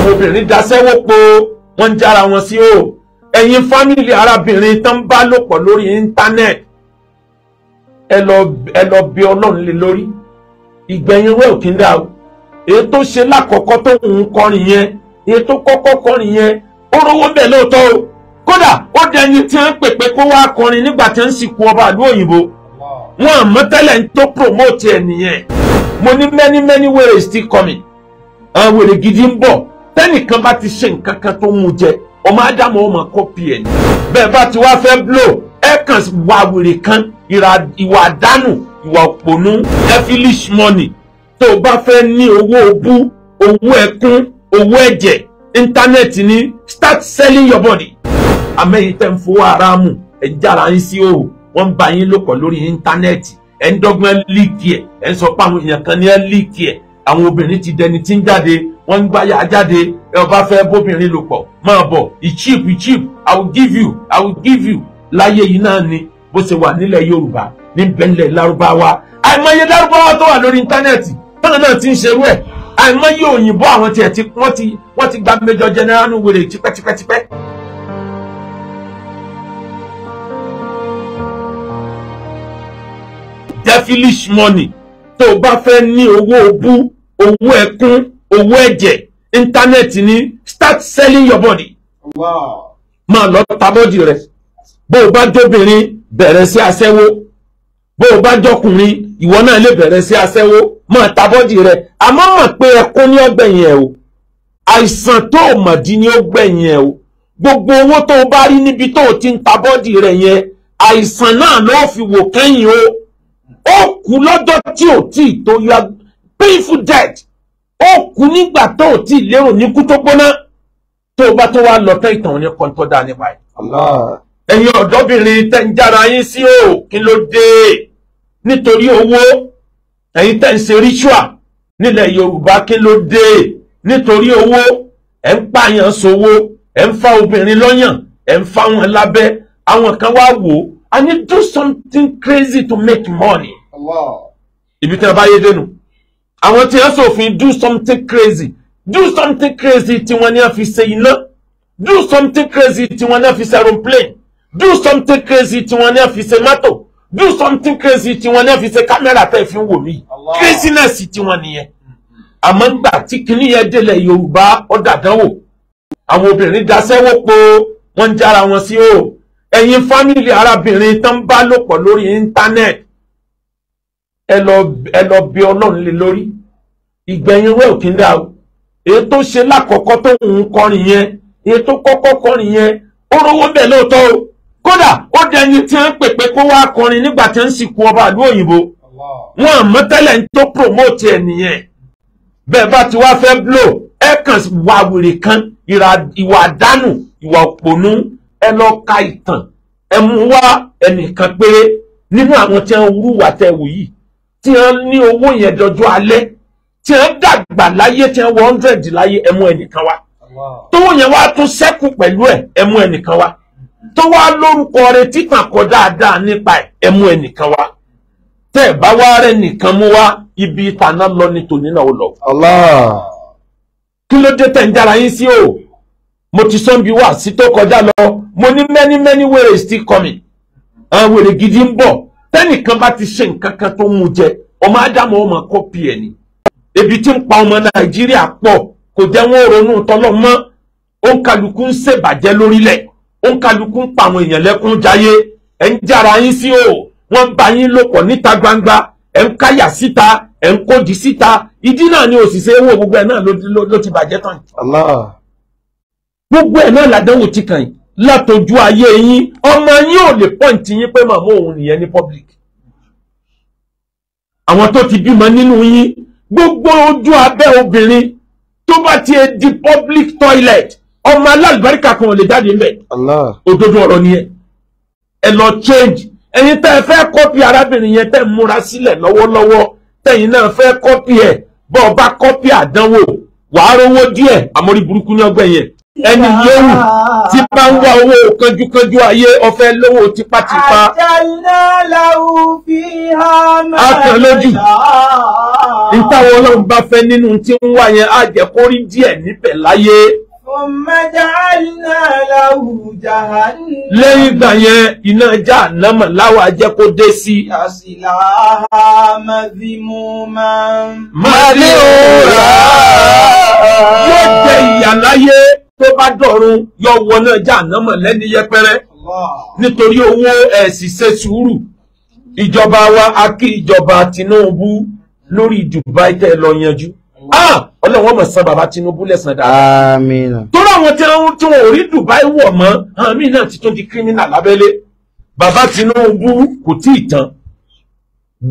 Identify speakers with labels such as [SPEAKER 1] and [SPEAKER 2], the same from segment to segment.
[SPEAKER 1] àwọn obìnrin daṣẹ́wó po wọ́n ń jára wọn sí o ẹ̀yin fámìlì arábìnrin tán bá lòpọ̀ lórí íńtánẹ́ẹ̀tì ẹ lọ ẹ lọ bí ọlọ́run lé lórí ìgbẹ̀yìn wẹ́ẹ̀ kí n dá o èyí tó ṣe lákọ̀ọ́kọ́ tó ń kọrin yẹn èyí tó kọ́kọ́ kọrin yẹn ó rówó bẹ̀ lóòótọ́ o kódà ó dẹni tí wọ́n pèpè kó wá kọrin nígbà tí wọ́n sì kú ọba ìlú òyìnbó wọn àmọ́ tẹ́lẹ̀ ń tó promote ẹ̀ nìyẹn mo ní many many ways still coming àwọn wèrè gidi ń bọ̀ tẹ́nìkan bá ti ṣe nǹkan kan tó mú jẹ ọmọ ádámù ọmọ kọ́pì ẹ̀ ní. bẹ́ẹ̀ bá ti wá fẹ́ blow ẹ kàn wá wèrè kan ìwà àdánù ìwà òpònú devilish money tó o bá fẹ́ ní owó bú owó ẹkún owó ẹ̀jẹ̀ íńtánẹ́ẹ̀tì ní start selling your body. àmẹ́yìn tẹ́ ń fowó ara mù ẹ̀ ń jára yín sí òòrùn wọ́n ń ba yín lókọ̀ lórí íńtánẹ́ẹ̀tì ẹ̀ ń dọ́gbọ́n líìkì ẹ̀ ẹ̀ ń sọ pé àwọn èèyàn kan ní ẹ̀ líìkì ẹ̀ àwọn obìnrin ti dẹni tí ń jáde wọ́n ń gbáyà jáde ẹ ọba fẹ́ bóbìnrin lò pọ̀ máa bọ̀ ìchip ìchip i will give you i will give you láyé yìí náà ni bó ṣe wà nílẹ̀ yorùbá ní bẹ́ńlẹ̀ lárúbáwá àìmọye lárúbáwá tó wà lórí íńtánẹ́ẹ̀tì tọ́nà náà ti ń ṣerú ẹ̀ àìmọye òyìnbó àwọn tiẹ̀ ti wọ́n ti wọ́n ti gba mẹjọ jẹnẹránú wèrè tipẹ́tipẹ́tipẹ́. devilish money tó o bá fẹ́ ní owó bú owó ẹkún owó ẹ̀jẹ̀ íńtánẹ́ẹ̀tì ni start selling your body. Wow. máa lọ ta bọ́dì rẹ̀ bó o bá jóbìnrin bẹ̀rẹ̀ sí aṣẹ́wó bó o bá jọkùnrin ìwọ náà lè bẹ̀rẹ̀ sí aṣẹ́wó máa ta bọ́dì rẹ̀ àmọ́ mọ̀ pé ẹkún ní ọgbẹ̀yìn ẹ̀ o àìsàn tó o mọ̀ di ní ọgbẹ̀yìn ẹ̀ o gbogbo owó tó o bá rí níbi tó o ti ń ta bọ́dì rẹ̀ yẹn àìsàn náà ló fi wò kẹ́yìn o ó kú lọ́jọ́ tí ò tí ì tó yá painful death ó kú nígbà tó ò tí ì lérò ní kú tó gbóná tó o bá tó wá lọ tán ìtàn oníkan tó dáa nípa ẹ. ẹ̀yin ọ̀dọ́bìnrin tẹ́ ń jára yín sí o kí ló dé nítorí owó ẹ̀yin tẹ́ ń ṣe ritual nílẹ̀ Yorùbá kí ló dé nítorí owó ẹ̀ ń pààyàn sówó ẹ̀ ń fa obìnrin lọ́yàn ẹ̀ ń fa wọn lábẹ́ àwọn kan wá wò ó I need do something crazy to make money. ibi tí a bá yé dénú àwọn tí wọ́n ṣòfin do something crazy do something crazy tí wọ́n ní wọ́n fi ṣe iná do something crazy tí wọ́n ní wọ́n fi ṣe aeroplane do something crazy tí wọ́n ní wọ́n fi ṣe mọ́tò do something crazy tí wọ́n ní wọ́n fi ṣe kámẹ́rà tẹ́ fi ń wò mí craziness tí wọ́n nìyẹn àmọ́ ńgbà tí kinní yẹn délẹ̀ Yorùbá ọ̀dàdánwò àwọn obìnrin daṣẹ́ wọ́pọ̀ wọ́n ń jára wọn sí o ẹ̀yin fámìlì arábìnrin tán bá lòpọ̀ lórí íńtánẹ́ẹ̀tì ẹ lọ ẹ lọ bí ọlọ́run lé lórí ìgbẹ̀yìn wẹ́ òkín dá o èyí tó ṣe lákọ̀ọ́kọ́ tó ń kọrin yẹn èyí tó kọ́kọ́ kọrin yẹn ó rówó bẹ̀ lóòótọ́ o kódà ó di ẹni tí wọ́n pèpè kó wá kọrin nígbà tí wọ́n sì kú ọba ìlú òyìnbó wọn àmọ́ tẹ́lẹ̀ ń tó promote ẹ̀ nìyẹn bẹ́ẹ̀ bá ti wá fẹ́ blow ẹ kàn wà wèrè kan ìwà àdánù ìwà òpònú ẹ lọ ka ìtàn ẹ mú wá ẹnìkan péré nínú àwọn tí wọ́n wúrúwà tẹ́ wò yìí tí wọ́n ní owó yẹn dọjọ́ alẹ́ tí wọ́n dàgbà láyé tí wọ́n wọ hundred láyé ẹmú ẹnìkan wá tówó yẹn wá tún ṣẹ́kù pẹ̀lú ẹ̀ ẹmú ẹnìkan wá tó wá lórúkọ rẹ títàn kọ dáadáa nípa ẹ̀ ẹmú ẹnìkan wá tẹ́ ẹ̀ bá wá rẹ̀ nìkan mú wá ibi ìtàná lọ ní tòní náà ó lọ. kí ló dé tẹ̀ ń jára yín sí o mo ti sọ bí wá sí tó kọjá lọ mo ní many many ways still coming àwọn wèrè gidi ń bọ̀ tẹ́nìkan bá ti ṣe nǹkan kan tó mú jẹ ọmọ ádámù ọmọ kọ́pì ẹ̀ ni ebi tí ń pa ọmọ nàìjíríà pọ̀ kò jẹ́ wọ́n ronú tọ́lọ́ mọ́ òǹkàlùkù ń ṣèbàjẹ́ lórílẹ̀ òǹkàlùkù ń pa àwọn èèyàn lẹ́kún jayé ẹ̀ ń jára yín sí o wọ́n bá yín lòpọ̀ níta gbangba ẹ̀ ń káyà síta ẹ̀ ń kódì síta ìdí náà ni òṣìṣẹ́ owó gbogbo ẹ̀ náà ló ti bàjẹ́ tán. gbogbo ẹ̀ náà làdánwò ti kàn yín látọjú ayé yín ọmọ yín ò lè pọ́ǹtì yín pé màmá òun nìyẹn ní public àwọn tó ti bímọ nínú yín gbogbo ojú abẹ́ obìnrin tó bá ti di public toilet ọmọ alálùbáríkà kan ò lè jáde ńbẹ̀ òdodo ọ̀rọ̀ nìyẹn ẹ lọ change ẹ̀yin tẹ́ ẹ fẹ́ kọ́pì arábìnrin yẹn tẹ́ múra sílẹ̀ lọ́wọ́lọ́wọ́ tẹ́yin náà fẹ́ kọ́pì ẹ̀ bọ́ ọ bá kọ́pì àdánwò wàá rówó díẹ̀ àmọ́rí burúkú ní ọgbẹ́ yẹn ẹni yóò tí bá ń wá owó kanjúkanjú ayé ọ̀fẹ́ lówó tipátipá. àjàlá làwọn fi bá fẹ́ nínú tí ń wá yẹn á kó rí díẹ̀ níbẹ̀ láyé. lẹ́yìn ìgbà yẹn iná já ànámọ̀ láwa jẹ́ kó dé sí. àṣìlá màdìmúmá. màdìmúmá. yóò jẹ ìyà láyé tó bá dọ̀run yọ wọná jàǹnàmọ̀ lẹ́ni yẹpẹrẹ nítorí owó ẹ̀sì sùúrù ìjọba wa a kí ìjọba Tinubu lórí ìjùbá ìtẹ́ lọ yanjú ah, ọlọ́wọ́n mọ̀ san bàbá Tinubu lẹ́sàn dáadáa tó láwọn tí wọn ò rí Dubai wọ̀ mọ́ àmì náà ti tún di kírímínà lábẹ́lé bàbá Tinubu kò tí ì tán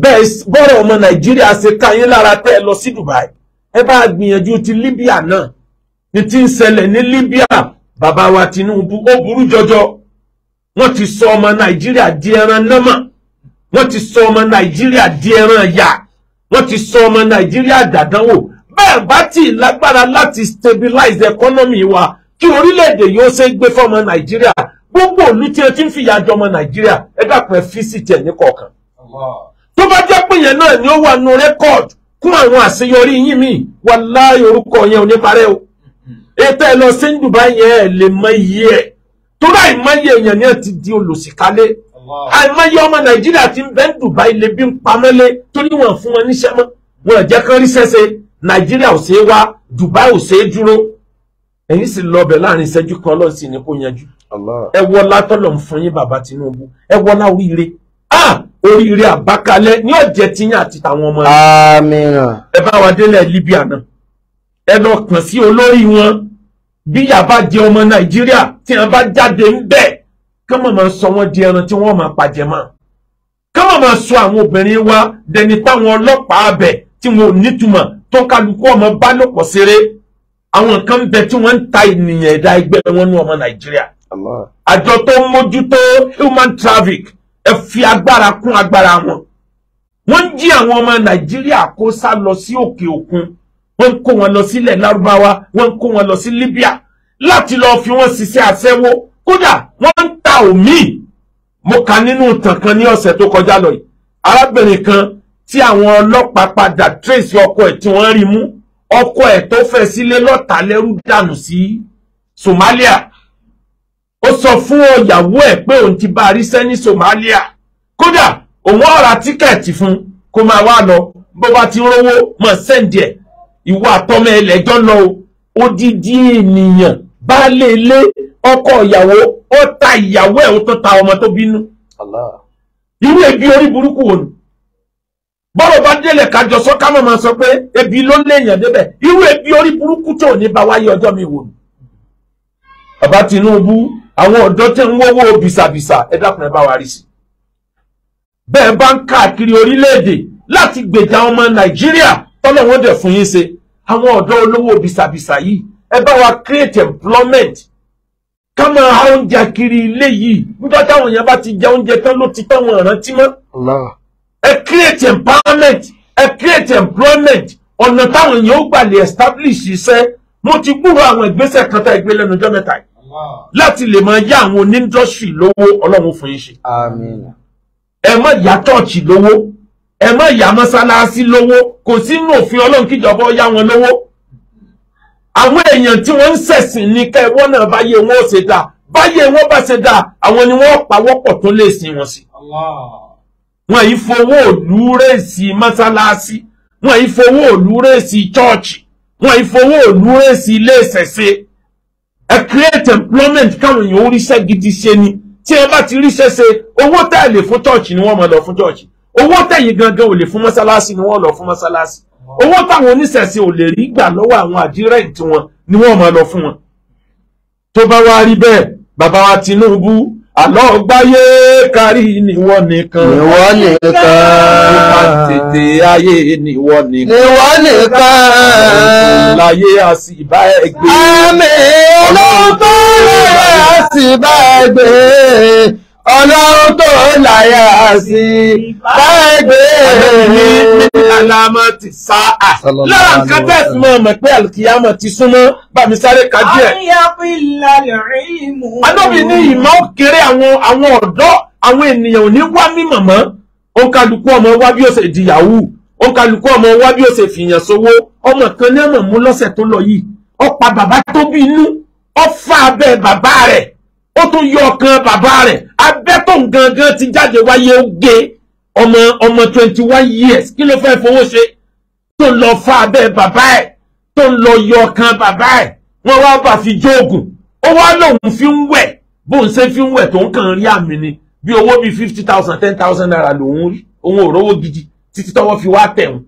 [SPEAKER 1] bẹ́ẹ̀ bọ́rọ̀ ọmọ Nàìjíríà ṣe káyé lára tẹ́ ẹ lọ sí Dubai ẹ bá gbìyànjú ti Libya náà ní tí ń ṣẹlẹ̀ Libya bàbá wa Tinubu ó burú jọjọ wọ́n ti sọ ọmọ nigeria di ẹran nọ́mà wọ́n ti sọ ọmọ nigeria di ẹran ya wọ́n ti sọ ọmọ nigeria dadanwo bẹ́ẹ̀ bá ti lágbára láti stabilize economy wa kí orílẹ̀-èdè yóò ṣe gbé fọ́mọ nigeria gbogbo òlu tí ẹ ti ń fìyà jọ ọmọ Nàìjíríà ẹ dàpọ̀ ẹ fi sí tiẹ̀ ní kọ̀ọ̀kan tó bá jẹ́ pé yẹn ni o wà nù rẹ́kọ̀d kún àwọn àṣeyọrí yín mi wàláhí orúkọ yẹn ò ní parẹ́ o. ètò ẹ̀ lọ sí Dubai yẹn ẹ̀ lè mọ iye ẹ̀ torí àìmọye èèyàn ni ẹ ti di olùsìkálé àìmọye ọmọ Nàìjíríà ti ń bẹ ń Dubai lè bí ń pamọ́lé torí wọn fún wọn níṣẹ́ mọ́ wọn jẹ́ kán rí sẹ́sẹ́ Nàìjíríà ò ṣeé wá Dubai ò ṣeé dúró ẹ̀yin sì lọ bẹ̀ láàrin ìṣẹ́jú kan lọ́n sì ni kó yanjú ẹ wọlá tọ́lọ̀ ń fún yín bàbá Tinubu ẹ wọlá oríire oríire àbákalẹ̀ ní ọ̀jẹ̀ tiyín àti tàwọn ọmọ rẹ̀ ẹ bá wa délẹ̀ Libya náà ẹ lọ kàn sí olórí wọn yà bá jẹ ọmọ nàìjíríà tí a bá jáde ń bẹ kán máa sọ wọn di ẹran tí wọ́n máa pàjẹ́ mọ́ kán sọ àwọn obìnrin wa dẹni táwọn ọlọ́pàá abẹ tí wọn ò nítumọ̀ tó kálukú ọmọ bá lòpọ̀ àwọn bẹ tí wọ́n ta ènìyàn ẹ̀dá ẹgbẹ́ wọn nàìjíríà àjọ tó human traffic fi agbára kún agbára wọn ń jí àwọn láti lọ fi wọ́n ṣiṣẹ́ aṣẹ́wó kódà wọ́n ń ta òmíì mo kà nínú ìtàn kan ní ọ̀sẹ̀ tó kọjá lọ yìí arábìnrin kan tí àwọn ọlọ́pàá padà trace ọkọ ẹ̀ tí wọ́n rí mú ọkọ ẹ̀ tó fẹ́ sílé lọ́ta lẹ́rú dànù sí Somalia ó sọ fún ọ̀yàwó ẹ̀ pé òun ti bá a ríṣẹ́ ní Somalia kódà òun ọ̀ra tíkẹ́ẹ̀tì fún kó máa wá lọ bó bá ti rówó mọ̀ sẹ́ǹdì ẹ̀ ìwà àtọ́mọ ẹlẹ́jọ́ lọ odidi ènìyàn baálé ilé ọkọ ìyàwó ó ta ìyàwó ẹ̀ ó tó ta ọmọ tó bínú. irú ebi orí burúkú wò ni bọ́rọ̀ bá délẹ̀ kájọ sọ ká mọ̀ máa sọ pé ebi ló ń léèyàn débẹ̀ irú ebi orí burúkú tó ní bá wáyé ọjọ́ mi wò ni. bàbá Tinubu àwọn ọ̀dọ́ tẹ́ ń wọ́wọ́ bìsàbìsà ẹ dákun ẹ bá wa rí sí. bẹ́ẹ̀ bá ń káàkiri orílẹ̀-èdè láti gbèjà ọmọ Nàìjíríà tọ́lọ̀ wọn dẹ̀ fún yín ṣe àwọn ọ̀dọ́ olówó bìsàbìsà yìí ẹ wa create employment ká máa há oúnjẹ kiri ilé yìí nígbà táwọn èèyàn bá ti jẹ oúnjẹ tán ló ti táwọn ìrántí mọ́ ẹ create empowerment ẹ create employment ọ̀nà táwọn èèyàn ó gbà lè establish iṣẹ́ mo ti gbúrò àwọn ìgbésẹ̀ kan tá ìgbé lẹ́nu ọjọ́ mẹ́ta yìí láti lè máa yá àwọn oníndọ́sì lówó ọlọ́run fún yín ṣe ẹ má yá tọ́ọ̀chì lówó ẹ má yá mọ́sálásí lówó kò sínú òfin ọlọ́run kíjọba ó yá wọn lówó àwọn èèyàn tí wọ́n ń ṣẹ̀sìn ní kẹ́ wọ́n náà báyé wọn ò ṣe dáa báyé wọn bá ṣe dáa àwọn ni wọ́n pawọ́pọ̀ tó lè sin wọn sí. wọn yìí fowó òlú rèsì mọ́sálásí wọn yìí fowó òlú rèsì chọ́ọ̀chì wọn yìí fowó òlú rèsì ilé ìṣẹ̀ṣe ẹ create employment káwọn èèyàn oríṣẹ́ gidi ṣe ni tí ẹ bá ti ríṣẹ́ ṣe owó tẹ́ fún chọ́ọ̀chì ni wọ́n máa lọ fún chọ́ọ̀chì owó tẹ̀yìn gangan ò lè fún mọ́sálásí ni wọ́n lọ fún mọ́sálásí owó táwọn oníṣẹ̀ṣe ò lè rí gbà lọ́wọ́ àwọn àdírẹ́ǹtì wọn ni wọ́n máa lọ fún wọn. tó bá wá rí bẹ́ẹ̀ bàbá wa Tinubu àlọ́ gbáyé kárí níwọ nìkan. níwọ nìkan. nípa tètè ayé níwọ nìkan. níwọ nìkan. láyé a bá ẹ gbé. àmì olóńtó rẹ̀ a bá ẹ gbé ọlọ́run tó láyà sí báyìí. ní alámọ̀ ti sá à. lára nǹkan tẹ́ sí mọ́ mọ̀ pé àlùkìyàmọ̀ ti súnmọ́ bá mi sáré ka díẹ̀. adóbi ní ìmọ̀ kéré àwọn àwọn ọ̀dọ́ àwọn ènìyàn ò ní wá mímọ̀ mọ́ ó ń kálukú ọmọ wá bí ó ṣe di yahoo ó ń kálukú ọmọ wá bí ó ṣe fìyàn sówó ọmọ kan ní ọmọ mú lọ́sẹ̀ tó lọ yìí ó pa bàbá tó bí inú ó fa abẹ́ bàbá rẹ̀ ó tún yọ ọkàn bàbá rẹ̀ abẹ́tọ̀n gangan ti jáde wáyé ó gé ọmọ ọmọ twenty one years Kilo ló fẹ́ fowó ṣe tó ń lọ fa abẹ́ bàbá ẹ̀ tó ń lọ yọ ọkàn bàbá ẹ̀ wọ́n wá bá fi jóògùn ó wá lòun fi ń wẹ̀ bóun ṣe fi ń wẹ̀ tó ń kàn rí ni bi owo bi fifty thousand ten thousand naira lòun rí òun ò gidi títí tọwọ́ fi wa tẹ̀ wọn.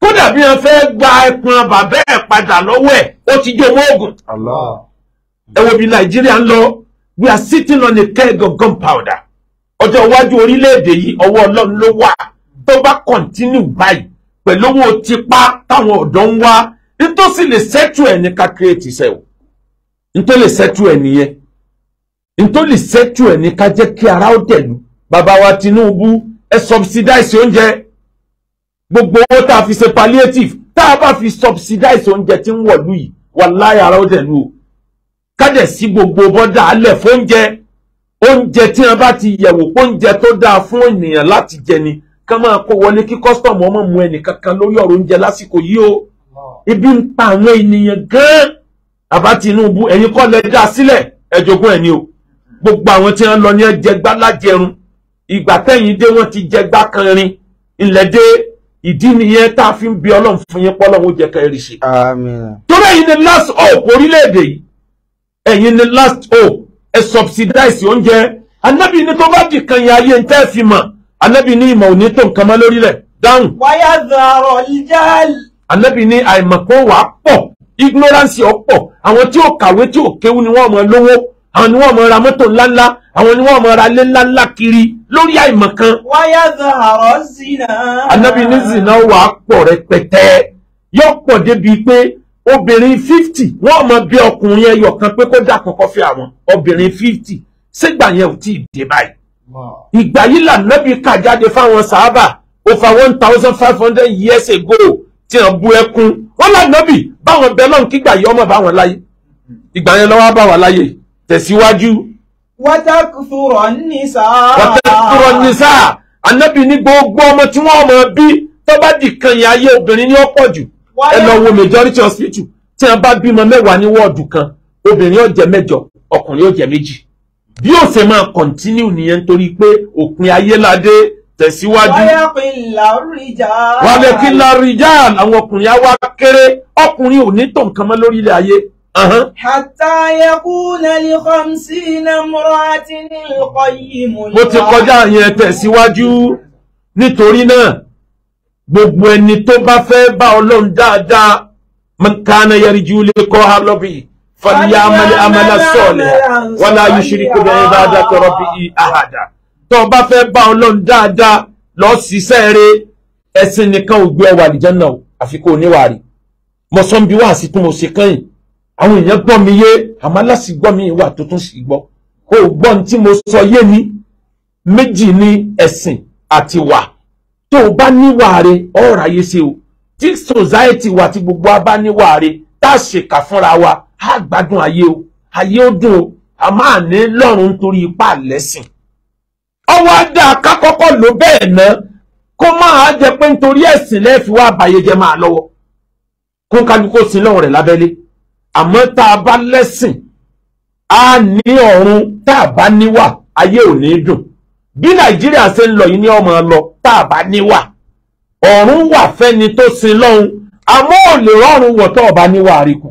[SPEAKER 1] kódà bí wọn fẹ́ gba ẹpọn bàbá ẹ̀ padà lọ́wọ́ ẹ̀ ó ti jó mọ́ Allah ẹ wo bí nàìjíríà ń lọ we are sitting on a keg of gunpowder ọjọ́ iwájú orílẹ̀-èdè yìí ọwọ́ ọlọ́run ló wà tó bá continue báyìí pẹ̀lú owó tipa táwọn ọ̀dọ́ ń wá nítòsí lè settle ẹ̀ ní ká create iṣẹ́ o nítò lè settle ẹ̀ nìyẹn nítò lè settle ẹ̀ ní ká jẹ́ kí ara ó dẹ̀lu bàbá wa Tinubu ẹ subsidize oúnjẹ gbogbo owó tá a fi ṣe palliative tá a bá fi subsidize oúnjẹ tí ń wọ̀lú yìí wà láyà ara ó dẹ̀lu o kádẹ̀ sí gbogbo bọ́dà alẹ̀ fóúnjẹ oúnjẹ tí wọn bá ti yẹ̀wò pé oúnjẹ tó dáa fún ènìyàn láti jẹ ni kán máa kó wọlé kí kọ́sítọ̀mù ọmọ mu ẹnìkankan lórí ọ̀rọ̀ oúnjẹ lásìkò yìí o ibi ń pa àwọn ènìyàn gan-an àbá Tinubu ẹ̀yin kọ́ lẹ dá sílẹ̀ ẹ jogún ẹ̀ ni o gbogbo àwọn tí wọn lọ ní ẹjẹgbá lájẹrun ìgbà tẹ̀yìn dé wọn ti jẹgbá kan rin ilẹ̀ dé ìdí nìyẹn tá a fi ń bi ọlọ́run fún yín pọ́lọ́run ó jẹ́ ká torí ẹ̀yin ni last hope orílẹ̀-èdè yìí ẹ̀yin ni last hope ẹ subsidize oúnjẹ anábì ní tó bá di kan yẹn ayé ń tẹ́ fi mọ̀ anábì ní ìmọ̀ òní tó nǹkan mọ́ lórílẹ̀ dáhùn. wáyà zọrọ ìjà. anábì ní àìmọ̀kan wà pọ̀ ignorance ọ̀pọ̀ àwọn tí ò kàwé tí ò kéwú ni wọ́n mọ̀ lówó àwọn ni wọ́n mọ̀ ra mọ́tò ńláńlá àwọn ni wọ́n mọ̀ ra lé ńláńlá kiri lórí àìmọ̀kan. wáyà zọrọ zina. anábì ní zina wà pọ̀ rẹpẹtẹ yọ̀pọ̀ débi pé obìnrin fifty wọ́n mọ bí ọkùnrin ẹyọ kan pé kó dà kọ́kọ́ fi àwọn obìnrin fifty sígbà yẹn ò tí ì dé báyìí. ìgbà yìí lànàbí kà jáde fáwọn sàábà over one thousand five hundred years ago tí wọ́n bu ẹkún wọ́n lànàbí báwọn bẹ́ẹ̀ náà kígbà yìí ọmọ báwọn láyé ìgbà yẹn lọ́wọ́ bá wà láyé tẹ̀síwájú. wàtàkùrọ̀ nìsà. wàtàkùrọ̀ nìsà ànábì ní gbogbo ọmọ tí wọ́n mọ bí tó bá dìkan yẹn ayé obìnrin ní ọ̀pọ̀ jù ẹ lọ wo majority hospital tí wọ́n bá bímọ mẹ́wàá ní wọ́ọ̀dù kan obìnrin ó jẹ́ mẹ́jọ ọkùnrin ó jẹ́ méjì bí ó ṣe máa continue nìyẹn nítorí pé òpin ayéládé tẹ̀síwájú. wàlẹ̀ kí n la rìjà àwọn ọkùnrin á wá kéré ọkùnrin ò ní tó nǹkan mọ́ lórí ilẹ̀ ayé. Hatta yakuna li khamsina imra'atin al-qayyim. Mo ti kọjá yẹn tẹ̀síwájú nítorí náà gbogbo ẹni tó bá fẹ́ bá ọlọ́run dáadáa mọ̀kánà yẹri ju lè kọ́ ha lọ́bì fàlíyà amẹ́lẹ́ amẹ́lẹ́ sọ̀lẹ̀ wọn náà yóò ṣírí kó bẹ́ẹ̀ bá dá tọrọ bí i àhàdà tó bá fẹ́ bá ọlọ́run dáadáa lọ ṣiṣẹ́ rẹ ẹ̀sìn nìkan ò gbé ọwọ́ àlìjánná àfikún oníwàárí mọ̀sán bí wàá sí tún mo ṣe kẹ́yìn àwọn èèyàn gbọ́ mi yé àmọ́ gbọ́ mi wà tó tún sì gbọ́ kó gbọ́ ní tí mo sọ yé ni méjì ni ẹ̀sìn àti wà tó o bá níwàre ọ̀rọ̀ ayé ṣe o tí society wa tí gbogbo wa bá níwàre tá a ṣèkà fúnra wa á gbádùn ayé o ayé ó dùn o a máa ní lọ́rùn nítorí ipá lẹ́sìn ọwọ́ adá kákọ́kọ́ ló bẹ́ẹ̀ ná kó máa jẹ pé nítorí ẹ̀sìn lẹ́ẹ̀fi wá àbáyé jẹ máa lọ́wọ́ kó kálukó sin lọ́rùn rẹ̀ lábẹ́lé àmọ́ tá a bá lẹ́sìn a ní ọ̀run tá a bá níwà ayé ò ní dùn bí nàìjíríà ṣe ń lọ yìí ni ọmọ lọ tá a bá níwà ọ̀run wà fẹ́ni tó sin lọ́hùn àmọ́ ò lè rọrùn wọ̀ tó ọba níwà àríkù.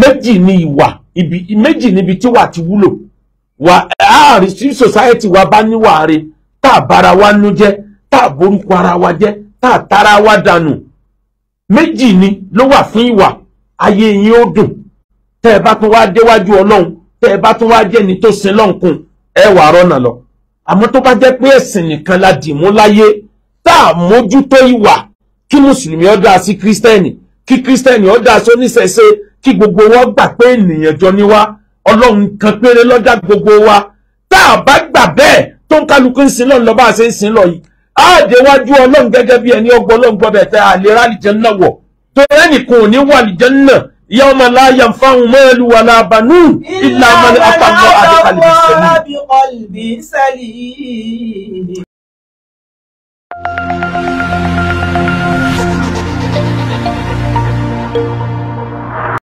[SPEAKER 1] méjì ni ìwà ibi méjì níbi tí wà ti wúlò wà àárín sí society wa bá níwà rẹ̀ tá a bára wa nú jẹ́ tá a borúkọ ara wa jẹ́ tá a tara wa dànù méjì ni ló wà fún ìwà ayé yín ó dùn tẹ́ ẹ bá tún wá déwájú ọlọ́run tẹ́ ẹ bá tún wá jẹ́ni tó sin lọ́nkùn ẹ wà rọ́nà lọ àmọ́ tó bá jẹ́ pé ẹ̀sìn nìkan la dì mú láyé tá a mójútó ìwà kí mùsùlùmí ó dá sí kírísítẹ́nì kí kírísítẹ́nì ó dá sí oníṣẹ̀ṣe kí gbogbo wọn gbà pé ènìyàn jọ ni wá ọlọ́run kan péré ló dá gbogbo wa tá a bá gbà bẹ́ẹ̀ tó ń kálukú ń sin lọ́n lọ́ba àṣẹ ń sin lọ yìí àdéwájú ọlọ́run gẹ́gẹ́ bí ẹni ọgbọ́ ọlọ́run gbọ́ bẹ̀ tẹ́ àlè rálìjẹ́ náà wọ̀ tó ẹnìkan ò ní wà lìjẹ́ náà yawma la yanfa'u malu wala banun illa man ata Allah bi qalbin salim Thank you.